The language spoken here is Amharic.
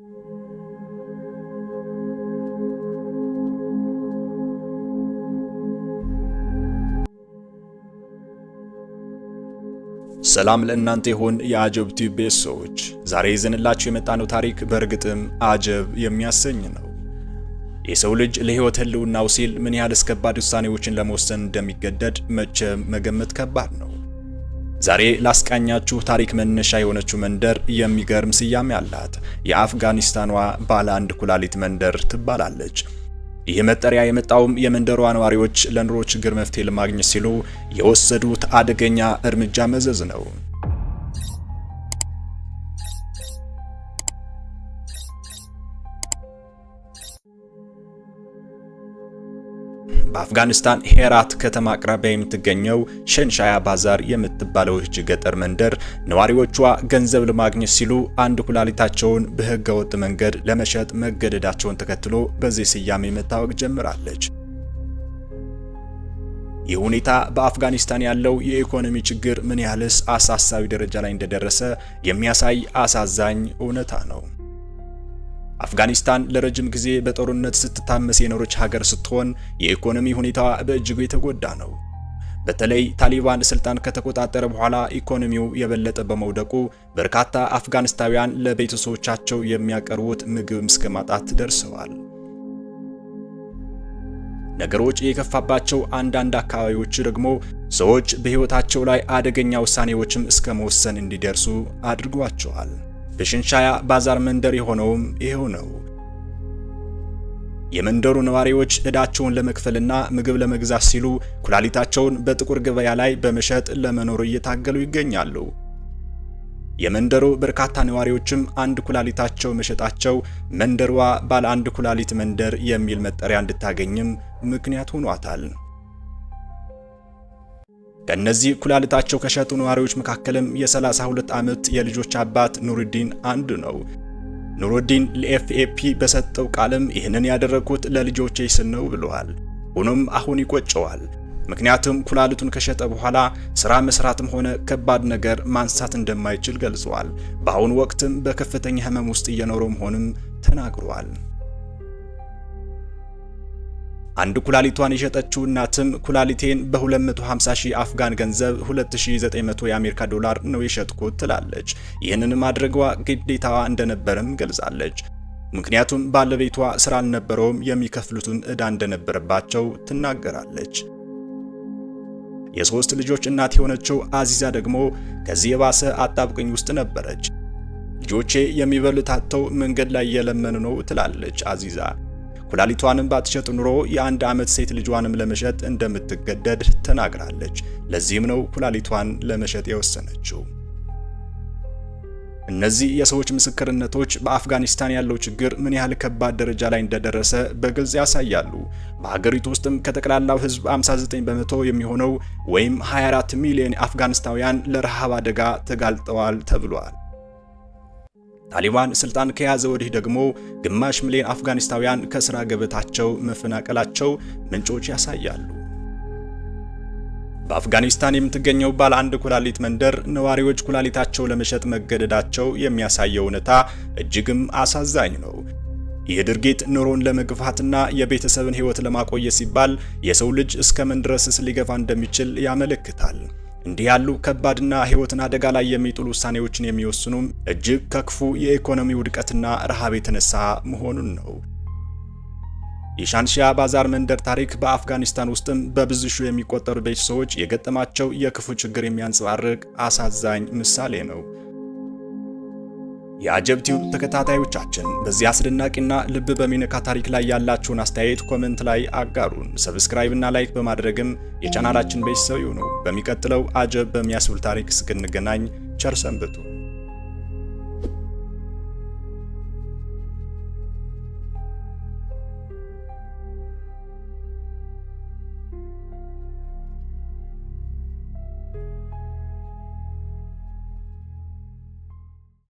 ሰላም ለእናንተ ይሁን የአጀብ ቲዩብ ቤተሰቦች፣ ዛሬ ይዘንላችሁ የመጣነው ታሪክ በእርግጥም አጀብ የሚያሰኝ ነው። የሰው ልጅ ለሕይወት ህልውናው ሲል ምን ያህል ከባድ ውሳኔዎችን ለመወሰን እንደሚገደድ መቼም መገመት ከባድ ነው። ዛሬ ላስቃኛችሁ ታሪክ መነሻ የሆነችው መንደር የሚገርም ስያሜ አላት። የአፍጋኒስታኗ ባለ አንድ ኩላሊት መንደር ትባላለች። ይህ መጠሪያ የመጣውም የመንደሯ ነዋሪዎች ለኑሮ ችግር መፍትሄ ለማግኘት ሲሉ የወሰዱት አደገኛ እርምጃ መዘዝ ነው። በአፍጋኒስታን ሄራት ከተማ አቅራቢያ የምትገኘው ሸንሻያ ባዛር የምትባለው እጅ ገጠር መንደር ነዋሪዎቿ ገንዘብ ለማግኘት ሲሉ አንድ ኩላሊታቸውን በህገወጥ መንገድ ለመሸጥ መገደዳቸውን ተከትሎ በዚህ ስያሜ መታወቅ ጀምራለች። ይህ ሁኔታ በአፍጋኒስታን ያለው የኢኮኖሚ ችግር ምን ያህልስ አሳሳቢ ደረጃ ላይ እንደደረሰ የሚያሳይ አሳዛኝ እውነታ ነው። አፍጋኒስታን ለረጅም ጊዜ በጦርነት ስትታመስ የኖረች ሀገር ስትሆን የኢኮኖሚ ሁኔታዋ በእጅጉ የተጎዳ ነው። በተለይ ታሊባን ስልጣን ከተቆጣጠረ በኋላ ኢኮኖሚው የበለጠ በመውደቁ በርካታ አፍጋኒስታውያን ለቤተሰቦቻቸው የሚያቀርቡት ምግብ እስከ ማጣት ደርሰዋል። ነገሮች የከፋባቸው አንዳንድ አካባቢዎች ደግሞ ሰዎች በሕይወታቸው ላይ አደገኛ ውሳኔዎችም እስከ መወሰን እንዲደርሱ አድርጓቸዋል። በሽንሻያ ባዛር መንደር የሆነውም ይኸው ነው። የመንደሩ ነዋሪዎች ዕዳቸውን ለመክፈልና ምግብ ለመግዛት ሲሉ ኩላሊታቸውን በጥቁር ገበያ ላይ በመሸጥ ለመኖር እየታገሉ ይገኛሉ። የመንደሩ በርካታ ነዋሪዎችም አንድ ኩላሊታቸው መሸጣቸው መንደሯ ባለ አንድ ኩላሊት መንደር የሚል መጠሪያ እንድታገኝም ምክንያት ሆኗታል። ከእነዚህ ኩላሊታቸው ከሸጡ ነዋሪዎች መካከልም የ32 ዓመት የልጆች አባት ኑርዲን አንዱ ነው። ኑሩዲን ለኤፍኤፒ በሰጠው ቃልም ይህንን ያደረግኩት ለልጆቼ ስል ነው ብለዋል። ሆኖም አሁን ይቆጨዋል። ምክንያቱም ኩላሊቱን ከሸጠ በኋላ ስራ መስራትም ሆነ ከባድ ነገር ማንሳት እንደማይችል ገልጿል። በአሁኑ ወቅትም በከፍተኛ ህመም ውስጥ እየኖረ መሆኑም ተናግሯል። አንድ ኩላሊቷን የሸጠችው እናትም ኩላሊቴን በ250 ሺህ አፍጋን ገንዘብ 2900 የአሜሪካ ዶላር ነው የሸጥኩት ትላለች። ይህንን ማድረጓ ግዴታዋ እንደነበረም ገልጻለች። ምክንያቱም ባለቤቷ ስራ አልነበረውም፣ የሚከፍሉትን ዕዳ እንደነበረባቸው ትናገራለች። የሶስት ልጆች እናት የሆነችው አዚዛ ደግሞ ከዚህ የባሰ አጣብቅኝ ውስጥ ነበረች። ልጆቼ የሚበሉት አጥተው መንገድ ላይ እየለመኑ ነው ትላለች አዚዛ። ኩላሊቷንም ባትሸጥ ኑሮ የአንድ ዓመት ሴት ልጇንም ለመሸጥ እንደምትገደድ ተናግራለች። ለዚህም ነው ኩላሊቷን ለመሸጥ የወሰነችው። እነዚህ የሰዎች ምስክርነቶች በአፍጋኒስታን ያለው ችግር ምን ያህል ከባድ ደረጃ ላይ እንደደረሰ በግልጽ ያሳያሉ። በሀገሪቱ ውስጥም ከጠቅላላው ሕዝብ 59 በመቶ የሚሆነው ወይም 24 ሚሊዮን አፍጋኒስታውያን ለረሃብ አደጋ ተጋልጠዋል ተብሏል። ታሊባን ስልጣን ከያዘ ወዲህ ደግሞ ግማሽ ሚሊዮን አፍጋኒስታውያን ከስራ ገበታቸው መፈናቀላቸው ምንጮች ያሳያሉ። በአፍጋኒስታን የምትገኘው ባለ አንድ ኩላሊት መንደር ነዋሪዎች ኩላሊታቸው ለመሸጥ መገደዳቸው የሚያሳየው እውነታ እጅግም አሳዛኝ ነው። ይህ ድርጊት ኑሮን ለመግፋትና የቤተሰብን ሕይወት ለማቆየት ሲባል የሰው ልጅ እስከ ድረስስ ሊገፋ እንደሚችል ያመለክታል። እንዲህ ያሉ ከባድና ህይወትን አደጋ ላይ የሚጥሉ ውሳኔዎችን የሚወስኑም እጅግ ከክፉ የኢኮኖሚ ውድቀትና ረሃብ የተነሳ መሆኑን ነው። የሻንሺያ ባዛር መንደር ታሪክ በአፍጋኒስታን ውስጥም በብዙ ሺህ የሚቆጠሩ ቤተሰቦች የገጠማቸው የክፉ ችግር የሚያንጸባርቅ አሳዛኝ ምሳሌ ነው። የአጀብ ቲዩብ ተከታታዮቻችን በዚህ አስደናቂና ልብ በሚነካ ታሪክ ላይ ያላችሁን አስተያየት ኮመንት ላይ አጋሩን። ሰብስክራይብ እና ላይክ በማድረግም የቻናላችን ቤተሰብ ይሁኑ። በሚቀጥለው አጀብ በሚያስብል ታሪክ እስክንገናኝ ቸር ሰንብቱ።